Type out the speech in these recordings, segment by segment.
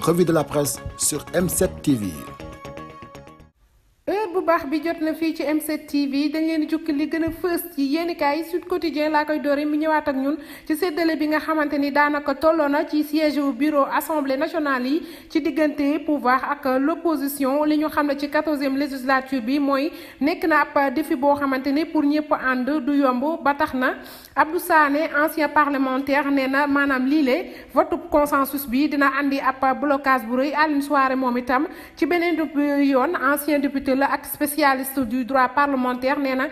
revue de la presse sur M7 TV baax bi jot na fii ci M7 TV dañ leen jukki li gën a fës ci yéenekaay suite Quotidien laa koy doore mi ñëwaat ak ñun ci séddale bi nga xamante ni daanaka tolloo na ci siège wu bureau assemblée nationale yi ci diggante pouvoir ak l'opposition li ñu xam ne ci 14e législature bi mooy nekk na ab défi boo xamante ni pour ñëpp ànd du yomb ba tax na Abdou Sané ancien parlementaire nee na maanaam lii lée votu consensus bi dina andi ab blocage bu rëy à une soirée moom itam ci beneen yoon ancien député la ak spécialiste du droit parlementaire nee na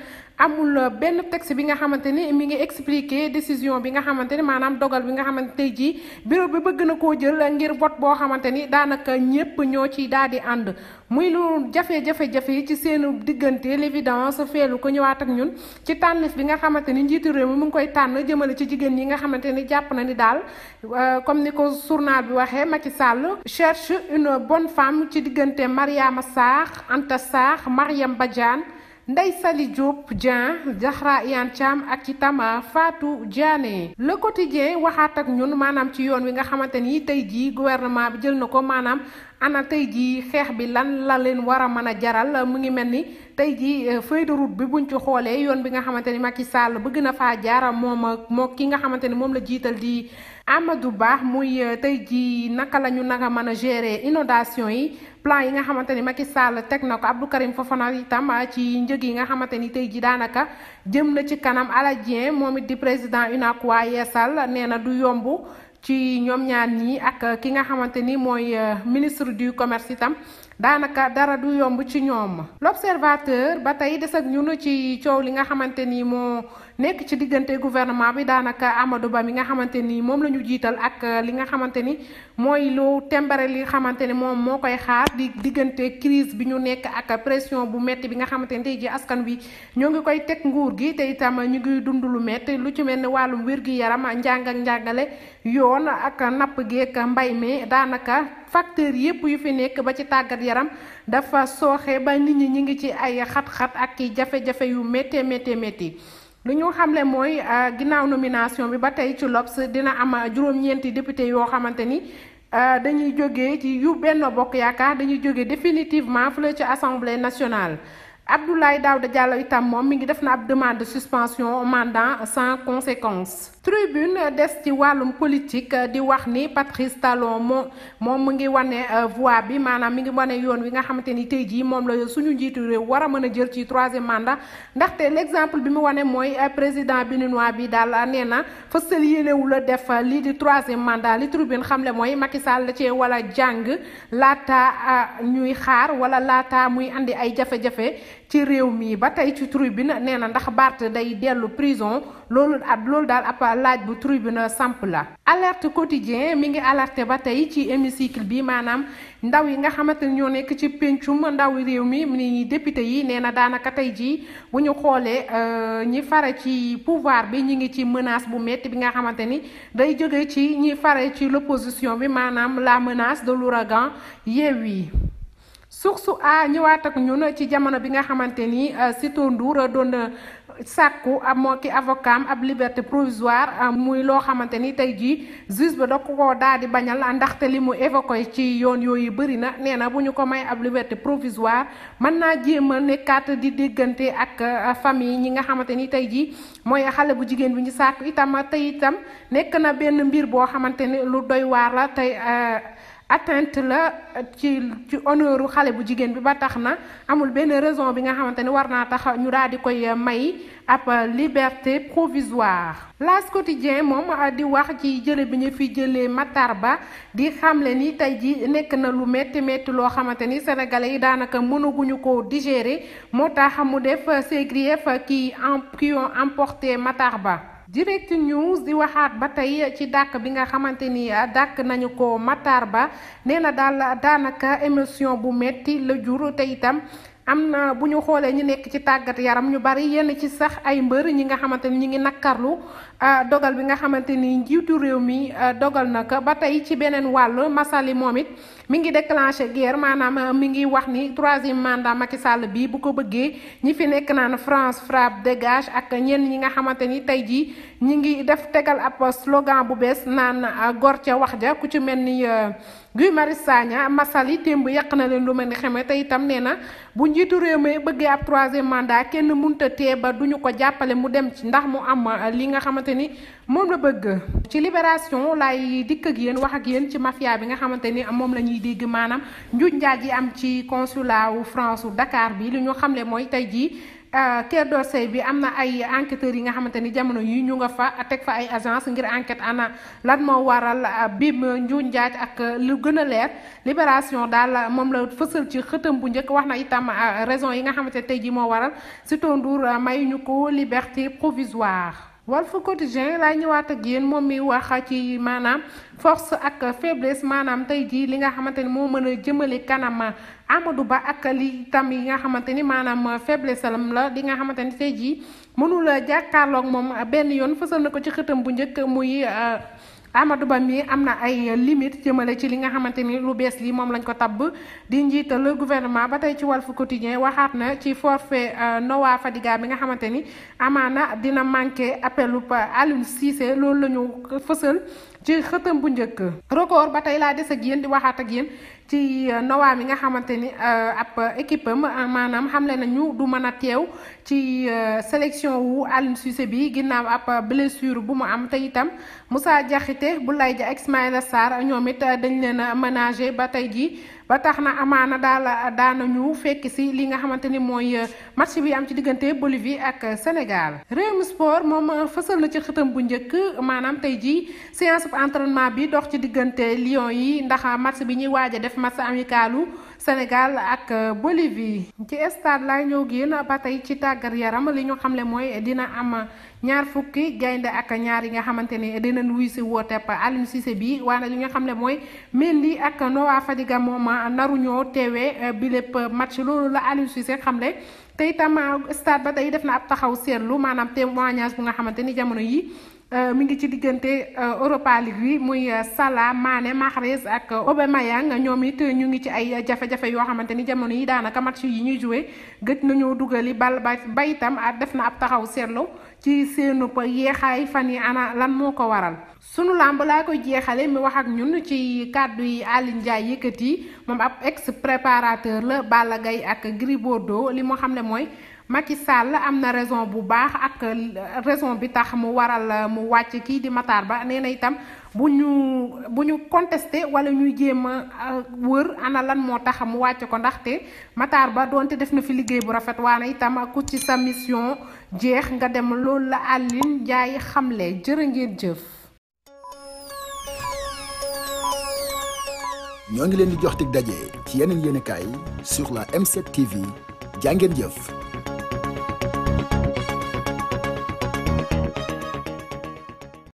amul euh, benn texte bi nga xamante ni mi ngi expliquer décision bi nga xamante ni maanaam dogal bi nga xamante tey jii bureau bi bëgg jël ngir vote boo xamante ni daanaka ñépp ñoo ci daal di ànd muy lu jafe-jafe-jafe yi ci seenu diggante l'évidence feelu ko ñëwaat ak ñun ci tànnif bi nga xamante ni njiitu réew mi mu ngi koy tànn jëmale ci jigéen ñi nga xamante ni jàpp na ni daal euh, comme ni ko journal bi waxee Macky Sall cherche une bonne femme ci diggante Mariama Sarr Anta Sarr Mariam Badiane Ndey Sali Diop Dieng Zahra Iyane Thiam ak ci tama Fatou Diané le quotidien waxaat ak ñun maanaam ci yoon wi nga xamante ni tey gouvernement bi jël na ko ana tey jii xeex bi lan la leen war a jaral mu ngi mel ni tey jii eh, feuille de route bi buñ ci xoolee yoon bi nga ni Macky Sall bëgg na faa jaara moom ak ki nga ni la jiital di Amadou Ba muy eh, tey jii naka jere inodasi naka gérer inondation yi plan yi nga xamante ni Macky Sall teg na Abdou Karim Fofana itam ah, ci njëg yi nga xamante ni tey danaka jëm na ci kanam Aladji Dieng moom it di président UNACOIS Yeesal nee na du yomb ci ñoom ñaar ñii ak uh, ki nga xamante ni mooy uh, ministre du commerce itam daanaka dara du yomb ci ñoom l'observateur ba tey des ak ñun ci coow li nga xamante ni moo Nek ci diggante gouvernement bi daanaka amadou ba mi nga xamante ni moom la jital jiital ak euh, li nga xamante ni mooy lu tembare li xamante ni moom mo koy xaar di diggante crise bi ñu nekk ak pression bu metti bi nga xamante ni ji askan wi ñoo ngi koy teg nguur gi te itam ñu ngi dund lu metti lu ci gi yaram njàng ak njàngale yoon ak napp gi ak mbay mi daanaka facteur yépp yu fi ba ci yaram dafa sooxe ba nit ñi ñi ngi ci ay xat-xat ak jafe-jafe yu mete mete métti lu ñu xamle mooy euh, ginnaaw nomination bi ba tey ci L'Obs dina am juróom-ñeenti député yoo xamante ni euh, dañuy jóge ci yu benn Bokk Yaakaar dañuy jóge définitivement fële ci assemblée nationale. Abdoulaye Daouda Diallo itam Mon, mi ngi def na ab demande de suspension mandat sans conséquence tribune des ci politique di wax ni Patrice Talon Mon, mi ngi wane euh, voie bi manam mi ngi wane yoon wi nga xamanteni la suñu njitu rew wara mëna jël ci troisième mandat ndaxte l'exemple bi mu wane moy euh, président béninois bi dal euh, néna na fësal wu la def li di troisième mandat li tribune xamle moy Macky Sall la ci wala lata lata ñuy xaar wala lata muy andi ay jafé jafé ci réew mii ba tey ci tribune nee na ndax Barth day dellu prison loolu at loolu daal ab laaj bu tribune samp la alerte quotidien mi ngi alerté ba tey ci hémicycle bi maanaam ndaw yi nga xamante ni ñoo nekk ci péncum ndaw réew mi ni député yi nee na daanaka tey jii bu ñu xoolee euh, ñi fare ci pouvoir bi ñi ngi ci menace bu metti bi nga xamante ni day jóge ci ñi fare ci l'opposition bi maanaam la menace de l'ouragan yi source a ñëwaat ak ñun ci jamono bi nga xamante ni euh, Sitor Ndour doon euh, sàkku ab moo ki avocat ab liberté provisoire euh, muy loo xamante ni tey jii juge ba da koo daal di bañal ndaxte li mu évoqué ci yoon yooyu bëri na nee na bu ñu ko may ab liberté provisoire mën naa jéem a nekkaat di déggante ak famille ñi nga xamante ni tey jii mooy xale bu jigéen bi ñu sàkku itam tey itam nekk na benn mbir boo xamante ni lu doy waar la tey. atteinte la ci ci honneuru xale bu jigéen bi ba tax na amul benn raison bi nga xamante ni war naa tax ñu daal di koy euh, may ab euh, liberté provisoire L'As Quotidien moom euh, di wax ci jële bi ñu fi jëlee Matar Ba di xamle ni tey ji nekk na lu métti métti loo xamante ni sénégalais yi daanaka mënaguñu ko digérer moo tax mu def ses griefs qui ont emporté Matar Ba direct news di waxaat ba tey ci dàkk bi nga xamante ni ah, dàkk nañu ko Matar Ba nee daal daanaka émission bu metti la jur te itam am na bu ñu xoolee ñu nekk ci tàggat yaram ñu bari yenn ci sax ay mbër ñi nga xamante ni ñu ngi nakkarlu euh, dogal bi nga xamante ni njiitu réew mi euh, dogal na ko ba tey ci beneen wàll Massaly moom it mi ngi déclenché guerre maanaam euh, mi ngi wax ni troisième mandat Macky Sall bi bu ko bëggee ñi fi nekk naan France frappe dégage ak ñenn ñi nga xamante ni tey jii. ñi ngi def tegal ab slogan bu bees naan ah, gor ca wax ja ku ci mel ni euh, Guy Marius masal yi démb yàq na leen lu mel ni xamee te itam nee na bu njiitu réew mi bëggee ab troisième mandat kenn munta tee ba duñu ko jàppale mu dem ci ndax mu am euh, li nga xamante ni moom la bëgg. ci libération laay dikk ak yéen wax ak yéen ci mafia bi nga xamante ni moom la ñuy dégg maanaam njuuj njaaj yi am ci consulat wu France wu Dakar bi li ñu xamle mooy tey jii. Euh, Théodore Seye bi am na ay enquêteurs yi nga xamante ni jamono yi ñu nga fa teg fa ay agence ngir enquête ana lan moo waral bi njuuñ njaaj ak euh, lu gën a leer libération daal euh, moom la fësal ci xëtam bu njëkk wax na itam raison yi nga xamante tey ji moo waral Sitor Ndour may ñu ko liberté provisoire Walf Quotidien laay ñëwaat ak yéen moom mi wax ci maanaam force ak faiblesse maanaam tey jii li nga xamante ni moo mën a jëmale kanam Amadou Ba ak li tam yi nga xamante ni maanaam faiblesse am la li nga xamante ni tey jii mënula jàkkaarlook moom benn yoon fësal na ko ci xëtam bu njëkk muy. amadou ba amna am na ay euh, limite jëmale ci li nga xamante ni lu bees li moom lañ ko tabb di njiital gouvernement ba tey ci walf quotidien na ci forfait euh, noa fadiga bi nga xamante ni dina manqué appelu alune ci xëtam bu njëkk record ba tey laa des ak yéen di waxaat ak yéen ci euh, Noah yi nga xamante ni euh, ab équipe am euh, maanaam xamle nañu du mën a teew ci sélection wu Aliou Cissé bi ginnaaw ab blessure bu mu am te itam Moussa Diakhaté Boulaye Dia ak Ismaïla Sarr ñoom it dañ leen a ménager ba tey jii ba tax na amaana daal daanañu fekk si li nga xamante ni mooy euh, match bi am ci diggante Bolivie ak Sénégal réew mi sport moom euh, fësal na ci xëtam bu njëkk maanaam tey jii séance bu entraînement bi dox ci diggante Lions yi ndax match bi ñuy waaj a def match amicalu Sénégal ak euh, Bolivie ci stade laa ñëw génn ba tey ci tàggat yaram li ñu xamle mooy dina am ñaar fukki gaynde ak ñaar yi nga xamante ne dinañ wuy si wooteeb Aliou Cissé bi waaye li nga xam ne mooy Mendy ak Noah Fadiga moom naruñoo teewee euh, bi lépp match loolu la Aliou Cissé xamle te itam euh, stade ba tey def na ab taxaw seetlu maanaam témoignage bu nga xamante ni jamono yi Euh, mi ngi ci diggante euh, Europa League bi muy euh, Salah maane Mahrez ak nga ñoom it ñu ngi ci ay jafe-jafe yoo xamante ni jamono yi daanaka match yi ñuy joué gëj nañoo dugali bal ba bayitam def na ab taxaw seetlu ci seenu yeexaay fan yi ana lan moo ko waral. sunu làmb laa koy jeexale mi wax ak ñun ci kàddu yi Aly Ndiaye yi moom ab ex préparateur la Balla ak Gris Bordeaux li mu xam ne mooy. Macky Sall am na raison bu baax ak euh, raison bi tax mu waral euh, mu wàcc kii di Matar Ba nee na itam bu ñu bu ñu contesté wala ñuy jéem a euh, wër ana moo tax mu wàcc ko ndaxte Matar Ba doonte def na fi liggéey bu rafet waane itam ku ci sa mission jeex nga dem loolu la Aline Ndiaye xamle jërë ngeen jëf. ñoo ngi leen di jox dig daje ci yeneen yéenekaay sur la m TV jàngeen jëf